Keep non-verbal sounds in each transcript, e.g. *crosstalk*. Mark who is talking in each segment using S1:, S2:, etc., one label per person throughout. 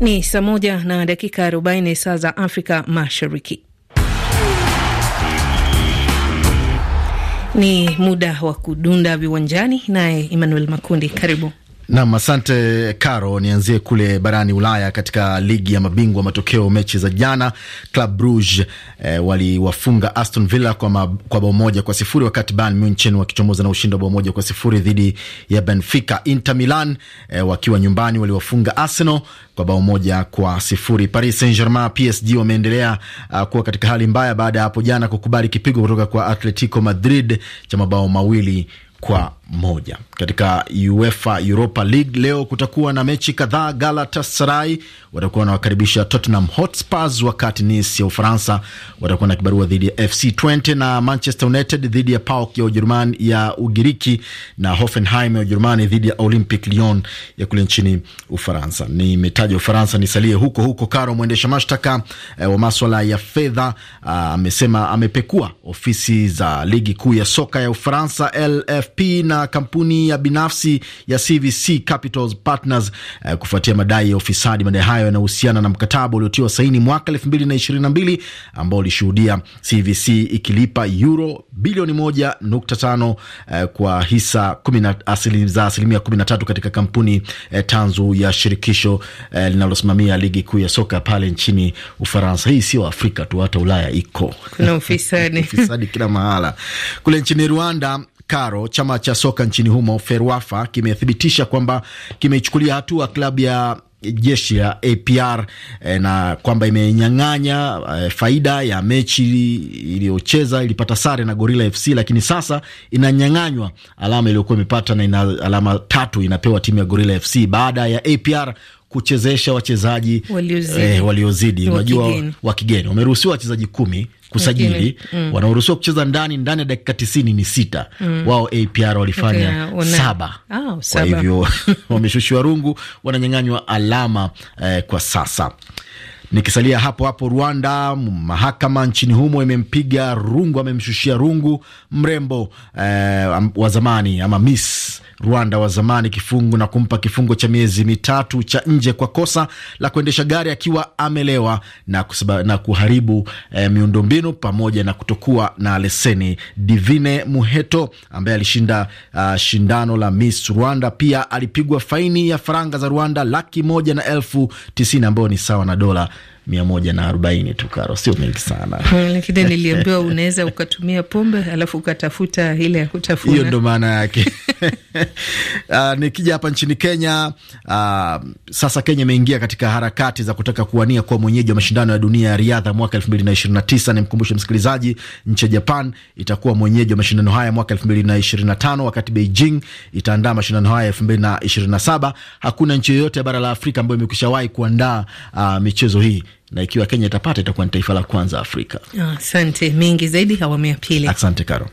S1: Ni saa moja na dakika 40 saa za Afrika Mashariki. Ni muda wa kudunda viwanjani, naye Emmanuel Makundi, karibu.
S2: Nam, asante Caro. Nianzie kule barani Ulaya, katika ligi ya mabingwa, matokeo mechi za jana, Club Brugge eh, waliwafunga Aston Villa kwa, kwa bao moja kwa sifuri wakati Bayern Munchen wakichomoza na ushindi wa bao moja kwa sifuri dhidi ya Benfica. Inter Milan eh, wakiwa nyumbani waliwafunga Arsenal kwa bao moja kwa sifuri. Paris Saint Germain, PSG wameendelea uh, kuwa katika hali mbaya baada ya hapo jana kukubali kipigo kutoka kwa Atletico Madrid cha mabao mawili kwa moja. Katika UEFA Europa League leo kutakuwa na mechi kadhaa. Galatasaray watakuwa wanawakaribisha Tottenham Hotspurs, wakati Nice ya Ufaransa watakuwa na kibarua dhidi ya FC Twente na Manchester United dhidi ya PAOK ya Ujerumani ya Ugiriki na Hoffenheim ya Ujerumani dhidi ya Olympic Lyon ya kule nchini Ufaransa. Nimetaja Ufaransa, nisalie huko huko. Karo, mwendesha mashtaka eh, wa maswala ya fedha ah, amesema, ah, amepekua ofisi za ligi kuu ya soka ya Ufaransa LFP na na kampuni ya binafsi ya CVC Capital Partners eh, kufuatia madai ya ufisadi. Madai hayo yanahusiana na mkataba uliotiwa saini mwaka 2022 ambao ulishuhudia CVC ikilipa euro bilioni 1.5 eh, kwa hisa za asilimia 13 katika kampuni eh, tanzu ya shirikisho eh, linalosimamia ligi kuu ya soka pale nchini Ufaransa. Hii sio Afrika tu, hata Ulaya iko kuna ufisadi, *laughs* ufisadi kila mahala. Kule nchini Rwanda Karo, chama cha soka nchini humo FERWAFA kimethibitisha kwamba kimechukulia hatua klabu ya jeshi ya APR eh, na kwamba imenyang'anya eh, faida ya mechi iliyocheza. Ilipata sare na Gorilla FC, lakini sasa inanyang'anywa alama iliyokuwa imepata na ina alama tatu inapewa timu ya Gorilla FC baada ya APR kuchezesha wachezaji waliozidi eh, unajua wa kigeni. Wameruhusiwa wachezaji kumi kusajili mm. Wanaoruhusiwa kucheza ndani ndani ya dakika tisini ni sita mm. Wao APR walifanya okay, saba.
S1: Oh, saba. Kwa hivyo
S2: *laughs* wameshushiwa rungu, wananyang'anywa alama eh, kwa sasa. Nikisalia hapo hapo Rwanda, mahakama nchini humo imempiga rungu, amemshushia rungu mrembo eh, wa zamani ama Miss Rwanda wa zamani kifungo na kumpa kifungo cha miezi mitatu cha nje kwa kosa la kuendesha gari akiwa amelewa na, kusaba, na kuharibu eh, miundombinu pamoja na kutokuwa na leseni. Divine Muheto ambaye alishinda uh, shindano la Miss Rwanda pia alipigwa faini ya faranga za Rwanda laki moja na elfu tisini ambayo ni sawa na dola mia moja na arobaini tu, Karo, sio mengi sana
S1: *laughs* lakini *laughs* niliambiwa unaweza ukatumia pombe alafu ukatafuta ile ya kutafuna. Hiyo ndo
S2: maana yake. Uh, *laughs* nikija hapa nchini Kenya, uh, sasa Kenya imeingia katika harakati za kutaka kuwania kuwa mwenyeji wa mashindano ya dunia ya riadha mwaka elfu mbili na ishirini na tisa. Nimkumbushe msikilizaji, nchi ya Japan itakuwa mwenyeji wa mashindano haya mwaka elfu mbili na ishirini na tano wakati Beijing itaandaa mashindano haya elfu mbili na ishirini na saba. Hakuna nchi yoyote ya bara la Afrika ambayo imekwishawahi kuandaa uh, michezo hii na ikiwa Kenya itapata itakuwa ni taifa la kwanza Afrika. Ah,
S1: asante mengi zaidi awamu ya pili. Asante Karo.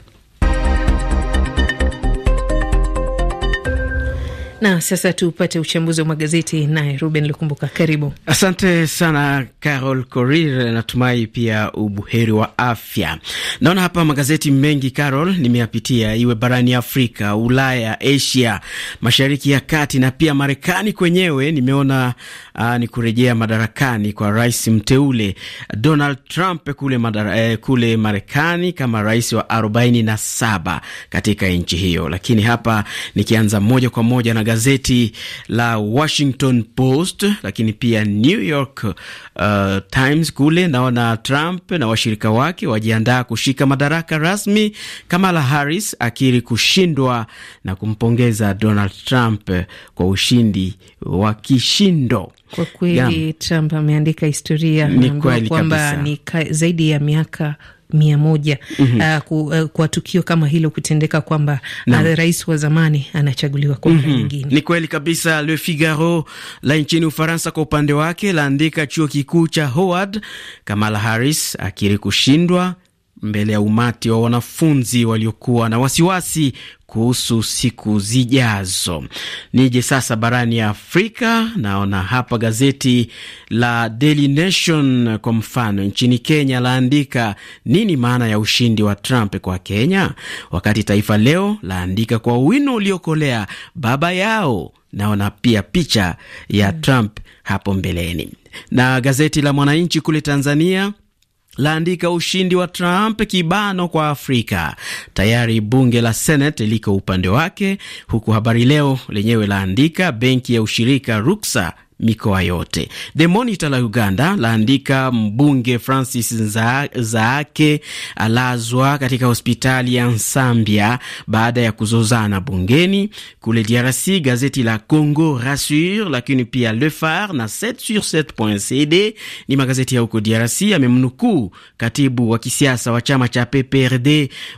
S1: Na sasa tupate uchambuzi wa magazeti naye Ruben Lukumbuka, karibu.
S3: Asante sana Carol Korir, natumai pia ubuheri wa afya. Naona hapa magazeti mengi Carol nimeyapitia, iwe barani Afrika, Ulaya, Asia, mashariki ya kati na pia Marekani kwenyewe. Nimeona aa, ah, ni kurejea madarakani kwa rais mteule Donald Trump kule, madara, eh, kule Marekani kama rais wa 47 katika nchi hiyo, lakini hapa nikianza moja kwa moja na gazeti la Washington Post, lakini pia New York uh, Times kule naona Trump na washirika wake wajiandaa kushika madaraka rasmi, Kamala Harris akiri kushindwa na kumpongeza Donald Trump kwa ushindi wa kishindo.
S1: Kwa kweli Trump ameandika historia kwamba ni zaidi ya miaka mia moja mm -hmm. uh, ku, uh, kwa tukio kama hilo kutendeka kwamba uh, rais wa zamani anachaguliwa kwa mara mm -hmm.
S3: nyingine. Ni kweli kabisa. Le Figaro la nchini Ufaransa kwa upande wake laandika chuo kikuu cha Howard, Kamala Harris akiri kushindwa mbele ya umati wa wanafunzi waliokuwa na wasiwasi kuhusu siku zijazo. Nije sasa barani ya Afrika, naona hapa gazeti la Daily Nation kwa mfano nchini Kenya laandika nini maana ya ushindi wa Trump kwa Kenya, wakati Taifa Leo laandika kwa wino uliokolea baba yao. Naona pia picha ya mm. Trump hapo mbeleni, na gazeti la Mwananchi kule Tanzania laandika ushindi wa Trump kibano kwa Afrika. Tayari bunge la Senate liko upande wake, huku Habari Leo lenyewe laandika benki ya ushirika Ruksa mikoa yote. The Monitor la Uganda laandika mbunge Francis Zaake za alazwa katika hospitali ya Nsambia baada ya kuzozana bungeni. Kule DRC gazeti la Congo Rassure, lakini pia Le Phare na 7 sur cd ni magazeti ya huko DRC amemnukuu katibu wa kisiasa wa chama cha PPRD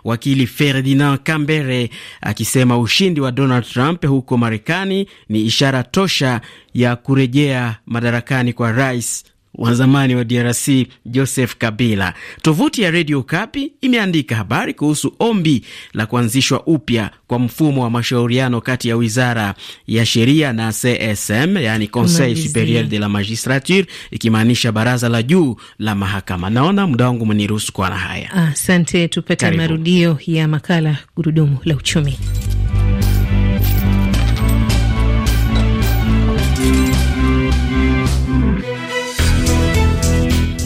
S3: wakili Ferdinand Kambere akisema ushindi wa Donald Trump huko Marekani ni ishara tosha ya kureji kurejea madarakani kwa rais wa zamani wa DRC Joseph Kabila. Tovuti ya redio Kapi imeandika habari kuhusu ombi la kuanzishwa upya kwa mfumo wa mashauriano kati ya Wizara ya Sheria na CSM, yani Conseil Superieur de la Magistrature, ikimaanisha baraza la juu la mahakama. Naona muda wangu mniruhusu kuwa na haya.
S1: Asante, tupate marudio ya makala Gurudumu la Uchumi.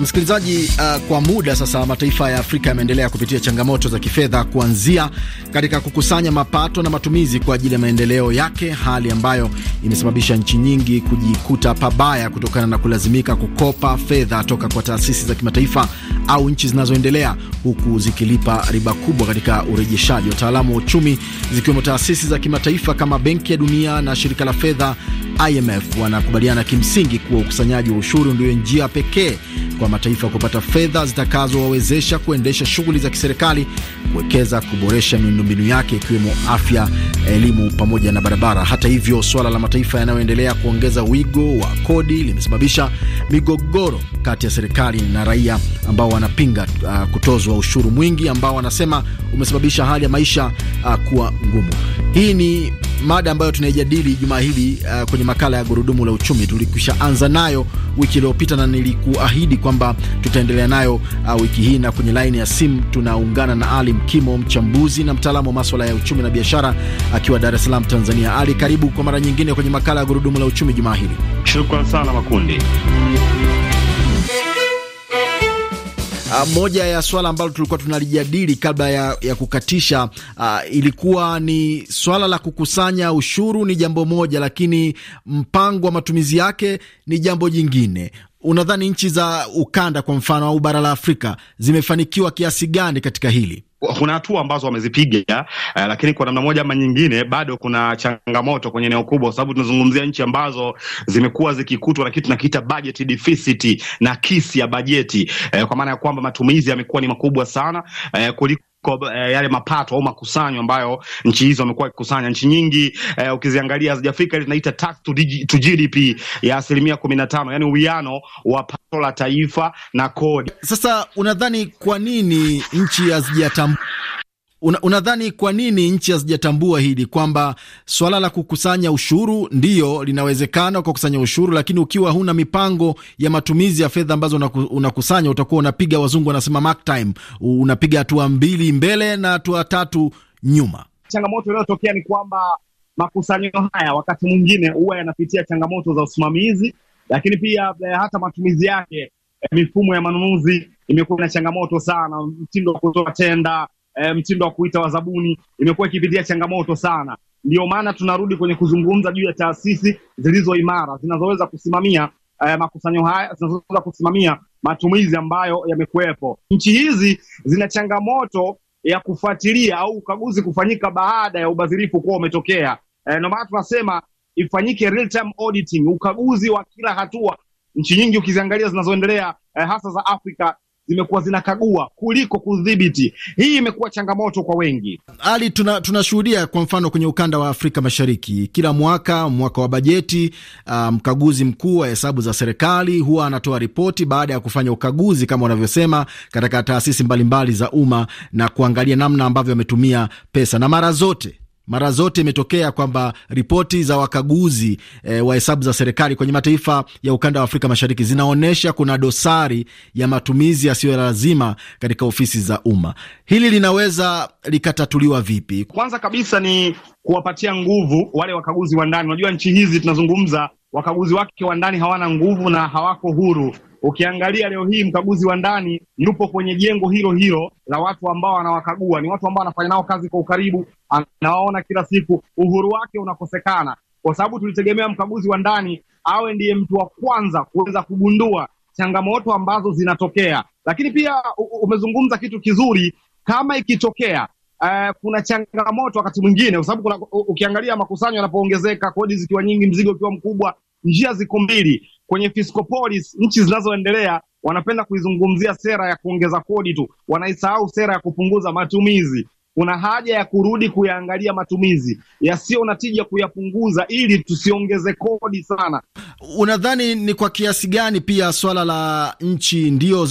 S2: Msikilizaji, uh, kwa muda sasa mataifa ya Afrika yameendelea kupitia changamoto za kifedha kuanzia katika kukusanya mapato na matumizi kwa ajili ya maendeleo yake, hali ambayo imesababisha nchi nyingi kujikuta pabaya kutokana na kulazimika kukopa fedha toka kwa taasisi za kimataifa au nchi zinazoendelea, huku zikilipa riba kubwa katika urejeshaji. Wataalamu wa uchumi zikiwemo taasisi za kimataifa kama Benki ya Dunia na shirika la fedha IMF wanakubaliana kimsingi kuwa ukusanyaji wa ushuru ndio njia pekee kwa mataifa kupata fedha zitakazowawezesha kuendesha shughuli za kiserikali, kuwekeza, kuboresha miundombinu yake ikiwemo afya, elimu pamoja na barabara. Hata hivyo, suala la mataifa yanayoendelea kuongeza wigo wa kodi limesababisha migogoro kati ya serikali na raia ambao wanapinga uh, kutozwa ushuru mwingi ambao wanasema umesababisha hali ya maisha uh, kuwa ngumu. Hii ni mada ambayo tunaijadili juma hili uh, kwenye makala ya gurudumu la uchumi. Tulikwisha anza nayo wiki iliyopita na nilikuahidi kwamba tutaendelea nayo uh, wiki hii, na kwenye laini ya simu tunaungana na Ali Mkimo, mchambuzi na mtaalamu wa maswala ya uchumi na biashara, akiwa Dar es Salaam, Tanzania. Ali, karibu kwa mara nyingine kwenye makala ya gurudumu la uchumi juma hili.
S4: Shukran sana Makundi.
S2: Uh, moja ya swala ambalo tulikuwa tunalijadili kabla ya, ya kukatisha uh, ilikuwa ni swala la kukusanya ushuru ni jambo moja, lakini mpango wa matumizi yake ni jambo jingine. Unadhani nchi za ukanda kwa mfano au bara la Afrika zimefanikiwa kiasi gani katika hili?
S4: kuna hatua ambazo wamezipiga uh, lakini kwa namna moja ama nyingine bado kuna changamoto kwenye eneo kubwa, kwa sababu tunazungumzia nchi ambazo zimekuwa zikikutwa na kitu tunakiita budget deficit na kisi ya bajeti uh, kwa maana ya kwamba matumizi yamekuwa ni makubwa sana uh, kuliko kwa, eh, yale mapato au makusanyo ambayo nchi hizo wamekuwa wakikusanya. Nchi nyingi eh, ukiziangalia hazijafika ile tunaita tax to, to GDP ya asilimia kumi na tano, yani uwiano wa pato la taifa na kodi. Sasa unadhani kwa nini nchi hazijatambua
S2: Unadhani una kwa nini nchi hazijatambua hili kwamba swala la kukusanya ushuru ndiyo linawezekana kwa kusanya ushuru, lakini ukiwa huna mipango ya matumizi ya fedha ambazo unakusanya una utakuwa unapiga, wazungu wanasema mark time, unapiga hatua mbili
S4: mbele na hatua tatu nyuma. Changamoto inayotokea ni kwamba makusanyo haya wakati mwingine huwa yanapitia changamoto za usimamizi, lakini pia eh, hata matumizi yake. Eh, mifumo ya manunuzi imekuwa na changamoto sana, mtindo wa kutoa tenda e, mtindo wa kuita wazabuni imekuwa ikipitia changamoto sana. Ndio maana tunarudi kwenye kuzungumza juu ya taasisi zilizo imara zinazoweza kusimamia e, makusanyo haya, zinazoweza kusimamia matumizi ambayo yamekuwepo. Nchi hizi zina changamoto ya kufuatilia au ukaguzi kufanyika baada ya ubadhirifu kuwa umetokea. E, ndio maana tunasema ifanyike real time auditing, ukaguzi wa kila hatua. Nchi nyingi ukiziangalia zinazoendelea eh, hasa za Afrika zimekuwa zinakagua kuliko kudhibiti. Hii imekuwa changamoto kwa wengi. Ali,
S2: tunashuhudia tuna kwa mfano kwenye ukanda wa Afrika Mashariki kila mwaka, mwaka wa bajeti, um, mkaguzi um, mkuu wa hesabu za serikali huwa anatoa ripoti baada ya kufanya ukaguzi kama unavyosema katika taasisi mbalimbali za umma na kuangalia namna ambavyo ametumia pesa na mara zote mara zote imetokea kwamba ripoti za wakaguzi e, wa hesabu za serikali kwenye mataifa ya ukanda wa Afrika Mashariki zinaonyesha kuna dosari ya matumizi yasiyo lazima katika ofisi za umma. Hili
S4: linaweza
S2: likatatuliwa vipi?
S4: Kwanza kabisa ni kuwapatia nguvu wale wakaguzi wa ndani. Unajua, nchi hizi tunazungumza, wakaguzi wake wa ndani hawana nguvu na hawako huru. Ukiangalia leo hii mkaguzi wa ndani yupo kwenye jengo hilo hilo la watu ambao anawakagua, ni watu ambao anafanya nao kazi kwa ukaribu, anawaona kila siku. Uhuru wake unakosekana kwa sababu tulitegemea mkaguzi wa ndani awe ndiye mtu wa kwanza kuweza kugundua changamoto ambazo zinatokea, lakini pia umezungumza kitu kizuri, kama ikitokea Uh, kuna changamoto wakati mwingine kwa sababu ukiangalia makusanyo yanapoongezeka, kodi zikiwa nyingi, mzigo ukiwa mkubwa, njia ziko mbili kwenye fiscal policy, nchi zinazoendelea wanapenda kuizungumzia sera ya kuongeza kodi tu, wanaisahau sera ya kupunguza matumizi kuna haja ya kurudi kuyaangalia matumizi yasiyo na tija, kuyapunguza ili tusiongeze kodi sana. Unadhani ni kwa kiasi gani pia swala
S2: la nchi? Ndio,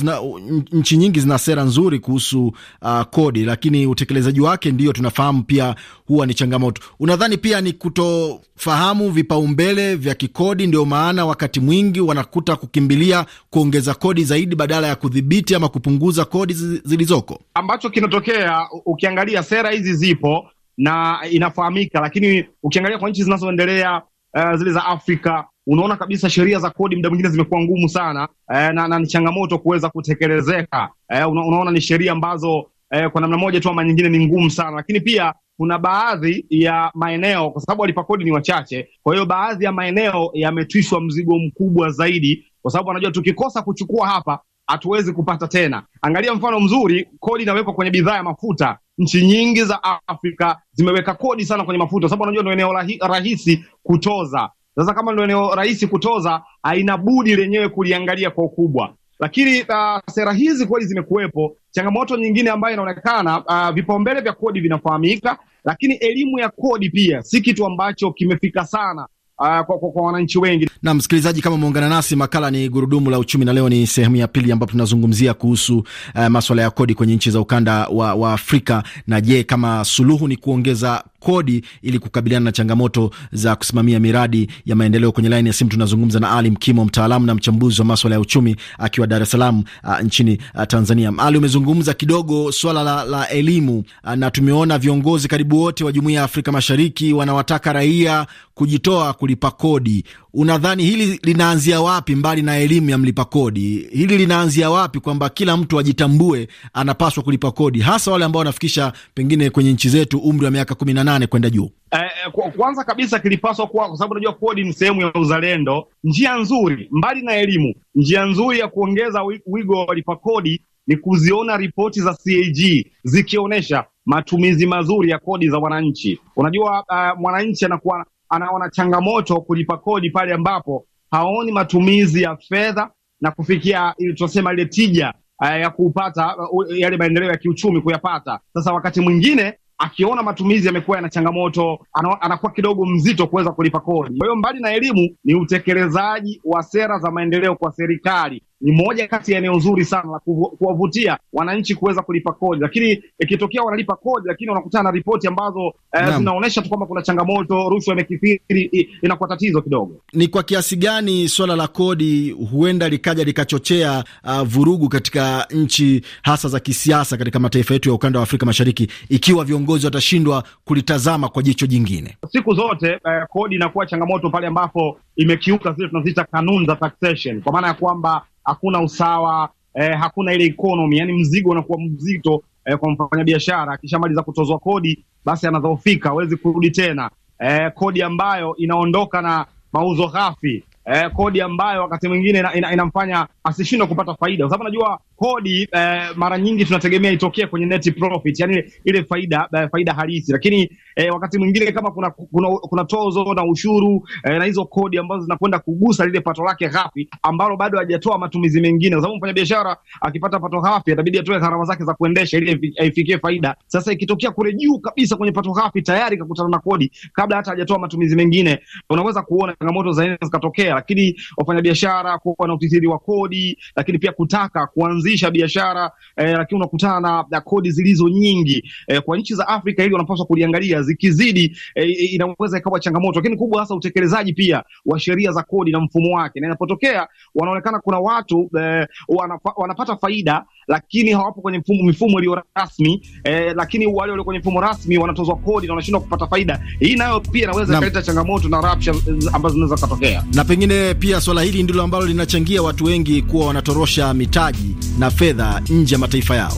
S2: nchi nyingi zina sera nzuri kuhusu uh, kodi, lakini utekelezaji wake ndio tunafahamu pia huwa ni changamoto. Unadhani pia ni kutofahamu vipaumbele vya kikodi, ndio maana wakati mwingi wanakuta kukimbilia
S4: kuongeza kodi zaidi
S2: badala ya kudhibiti ama kupunguza kodi zilizoko,
S4: ambacho kinatokea ukiangalia pia sera hizi zipo na inafahamika, lakini ukiangalia kwa nchi zinazoendelea uh, zile za Afrika unaona kabisa sheria za kodi muda mwingine zimekuwa ngumu sana eh, na, na ni changamoto kuweza kutekelezeka eh, una, unaona ni sheria ambazo eh, kwa namna moja tu ama nyingine ni ngumu sana, lakini pia kuna baadhi ya maeneo kwa sababu walipa kodi ni wachache, kwa hiyo baadhi ya maeneo yametwishwa mzigo mkubwa zaidi, kwa sababu wanajua tukikosa kuchukua hapa hatuwezi kupata tena. Angalia mfano mzuri, kodi inawekwa kwenye bidhaa ya mafuta nchi nyingi za Afrika zimeweka kodi sana kwenye mafuta, sababu unajua ndio eneo rahi, rahisi kutoza. Sasa kama ndio eneo rahisi kutoza, haina budi lenyewe kuliangalia kwa ukubwa. Lakini uh, sera hizi kweli zimekuwepo. Changamoto nyingine ambayo inaonekana uh, vipaumbele vya kodi vinafahamika, lakini elimu ya kodi pia si kitu ambacho kimefika sana
S2: Ah, kwa, kwa, kwa wananchi wengi. Na msikilizaji, kama umeungana nasi, makala ni gurudumu la uchumi, na leo ni sehemu ya pili ambapo tunazungumzia kuhusu uh, maswala ya kodi kwenye nchi za ukanda wa, wa Afrika, na je, kama suluhu ni kuongeza kodi ili kukabiliana na changamoto za kusimamia miradi ya maendeleo. Kwenye laini ya simu tunazungumza na Ali Mkimo, mtaalamu na mchambuzi wa maswala ya uchumi akiwa Dar es Salaam nchini a, Tanzania. Ali, umezungumza kidogo swala la, la elimu a, na tumeona viongozi karibu wote wa Jumuiya ya Afrika Mashariki wanawataka raia kujitoa kulipa kodi. Unadhani hili linaanzia wapi, mbali na elimu ya mlipa kodi? Hili linaanzia wapi kwamba kila mtu ajitambue anapaswa kulipa kodi, hasa wale ambao wanafikisha pengine kwenye nchi zetu umri wa miaka kumi na nane kwenda juu?
S4: Eh, eh kwanza kabisa kilipaswa kuwa, kwa sababu unajua kodi ni sehemu ya uzalendo, njia nzuri mbali na elimu, njia nzuri ya kuongeza wigo wa walipa kodi ni kuziona ripoti za CAG zikionyesha matumizi mazuri ya kodi za wananchi. Unajua uh, mwananchi anakuwa anaona changamoto kulipa kodi pale ambapo haoni matumizi ya fedha na kufikia tunasema ile tija uh, ya kupata uh, yale maendeleo ya kiuchumi kuyapata. Sasa wakati mwingine akiona matumizi yamekuwa yana changamoto, anakuwa kidogo mzito kuweza kulipa kodi. Kwa hiyo mbali na elimu, ni utekelezaji wa sera za maendeleo kwa serikali ni moja kati ya eneo zuri sana la kuwavutia wananchi kuweza kulipa kodi, lakini ikitokea wanalipa kodi, lakini wanakutana na ripoti ambazo eh, tu kwamba kuna changamoto, rushwa imekithiri, inakuwa tatizo kidogo.
S2: Ni kwa kiasi gani swala la kodi huenda likaja likachochea uh, vurugu katika nchi hasa za kisiasa katika mataifa yetu ya ukanda wa Afrika Mashariki, ikiwa viongozi watashindwa kulitazama kwa jicho jingine?
S4: Siku zote eh, kodi inakuwa changamoto pale ambapo imekiuka zile tunaziita kanuni za taxation, kwa maana ya kwamba hakuna usawa eh, hakuna ile economy, yani mzigo unakuwa mzito eh, kwa mfanyabiashara. Akishamaliza kutozwa kodi, basi anadhoofika, hawezi kurudi tena eh, kodi ambayo inaondoka na mauzo ghafi eh, kodi ambayo wakati mwingine inamfanya ina, ina asishindwe kupata faida, kwa sababu najua kodi eh, mara nyingi tunategemea itokee kwenye net profit, yani ile faida eh, faida halisi, lakini eh, wakati mwingine kama kuna, kuna, kuna tozo na ushuru eh, na hizo kodi ambazo zinakwenda kugusa lile pato lake ghafi ambalo bado hajatoa matumizi mengine, kwa sababu mfanyabiashara akipata pato ghafi itabidi atoe gharama zake za kuendesha ili aifikie faida. Sasa ikitokea kule juu kabisa kwenye pato ghafi tayari kakutana na kodi kabla hata hajatoa matumizi mengine, unaweza kuona changamoto za zikatokea lakini wafanyabiashara kuwa na utitiri wa kodi, lakini pia kutaka kuanzisha biashara eh, lakini unakutana na na kodi zilizo nyingi eh, kwa nchi za Afrika hili wanapaswa kuliangalia, zikizidi eh, inaweza ikawa changamoto, lakini kubwa hasa utekelezaji pia wa sheria za kodi na mfumo wake, na inapotokea wanaonekana kuna watu eh, wanapa, wanapata faida lakini hawapo kwenye mfumo, mifumo iliyo rasmi eh, lakini wale walio kwenye mfumo rasmi wanatozwa kodi na wanashindwa kupata faida. Hii nayo pia inaweza ikaleta changamoto na rapsha eh, ambazo zinaweza kutokea
S2: na pengine pengine pia swala hili ndilo ambalo linachangia watu wengi kuwa
S4: wanatorosha
S2: mitaji na fedha nje ya mataifa yao.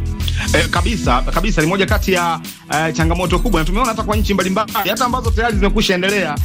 S4: E, kabisa kabisa, ni moja kati ya uh, changamoto kubwa, na tumeona hata kwa nchi mbalimbali hata ambazo tayari zimekwisha endelea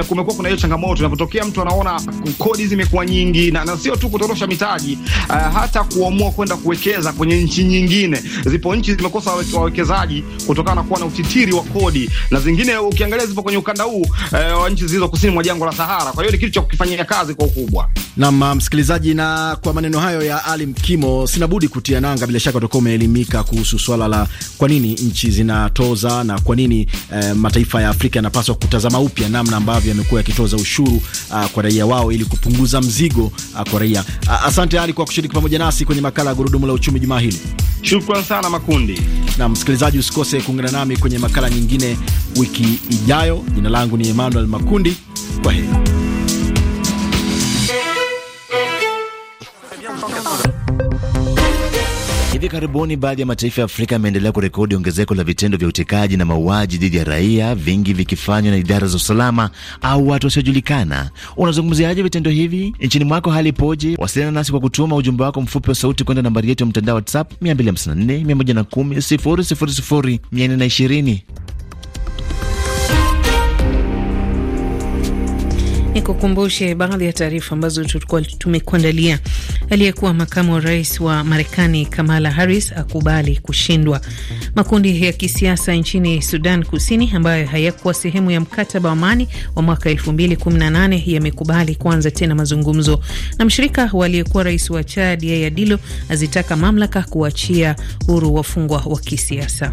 S4: uh, kumekuwa kuna hiyo changamoto inapotokea mtu anaona kodi zimekuwa nyingi, na, na sio tu kutorosha mitaji uh, hata kuamua kwenda kuwekeza kwenye nchi nyingine. Zipo nchi zimekosa wawekezaji kutokana na kuwa na utitiri wa kodi, na zingine ukiangalia zipo kwenye ukanda huu uh, wa nchi zilizo kusini mwa jangwa la Sahara. Kwa hiyo ni kitu cha kukifanyia kazi kwa ukubwa.
S2: Nam msikilizaji, na kwa maneno hayo ya Ali Mkimo sina budi kutia nanga. Bila shaka utakuwa umeelimika kuhusu swala la kwa nini nchi zinatoza na kwa nini eh, mataifa ya Afrika yanapaswa kutazama upya namna ambavyo yamekuwa yakitoza ushuru ah, kwa raia wao ili kupunguza mzigo ah, kwa raia ah, asante Ali kwa kushiriki pamoja nasi kwenye makala ya gurudumu la uchumi jumaa hili. Shukran sana Makundi. Na msikilizaji, usikose kuungana nami kwenye makala nyingine wiki ijayo. Jina langu ni Emmanuel Makundi, kwa heri. Hivi karibuni baadhi ya mataifa ya Afrika yameendelea kurekodi ongezeko la vitendo vya utekaji na mauaji dhidi ya raia, vingi vikifanywa na idara za usalama au watu wasiojulikana. Unazungumziaje vitendo hivi nchini mwako? Hali poji Wasiliana nasi kwa kutuma ujumbe wako mfupi wa sauti kwenda nambari yetu ya mtandao WhatsApp 254 110 000 420.
S1: ni kukumbushe baadhi ya taarifa ambazo tulikuwa tumekuandalia. Aliyekuwa makamu wa rais wa Marekani Kamala Harris akubali kushindwa. Makundi ya kisiasa nchini Sudan Kusini ambayo hayakuwa sehemu ya mkataba wa amani wa mwaka 2018 yamekubali kuanza tena mazungumzo. Na mshirika aliyekuwa rais wa Chad Yaya Dilo azitaka mamlaka kuachia huru wafungwa wa kisiasa.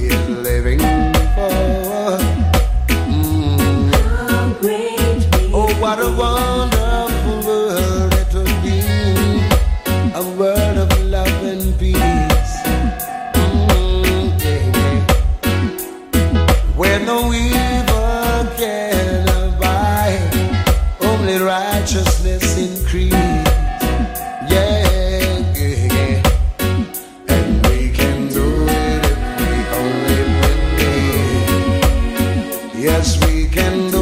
S5: a wonderful world it would be. A world of love and peace. Mm-hmm. evil can abide, only righteousness increase. Yes, we can do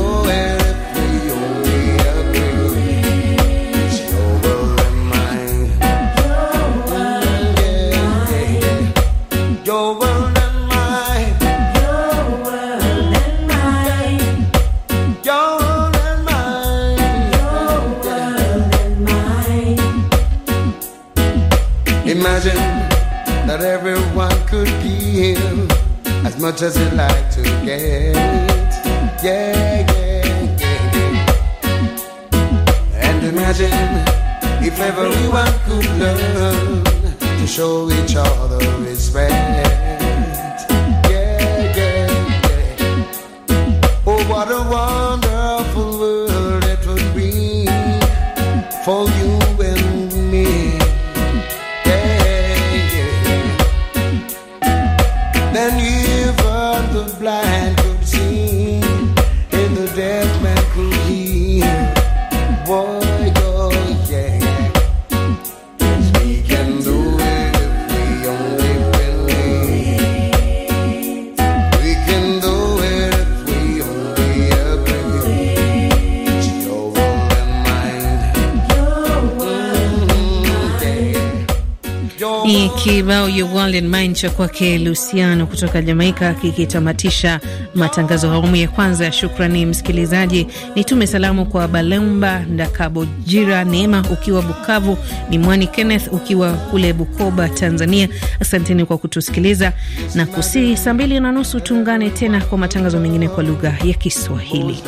S5: show each other respect.
S1: kibao you world in mind cha kwake Luciano kutoka Jamaika kikitamatisha matangazo awamu ya kwanza ya shukrani. Msikilizaji, nitume salamu kwa Balumba Ndakabojira, Neema ukiwa Bukavu, ni mwani Kenneth ukiwa kule Bukoba, Tanzania. Asanteni kwa kutusikiliza na kusii. Saa mbili na nusu tuungane tena kwa matangazo mengine kwa lugha ya Kiswahili.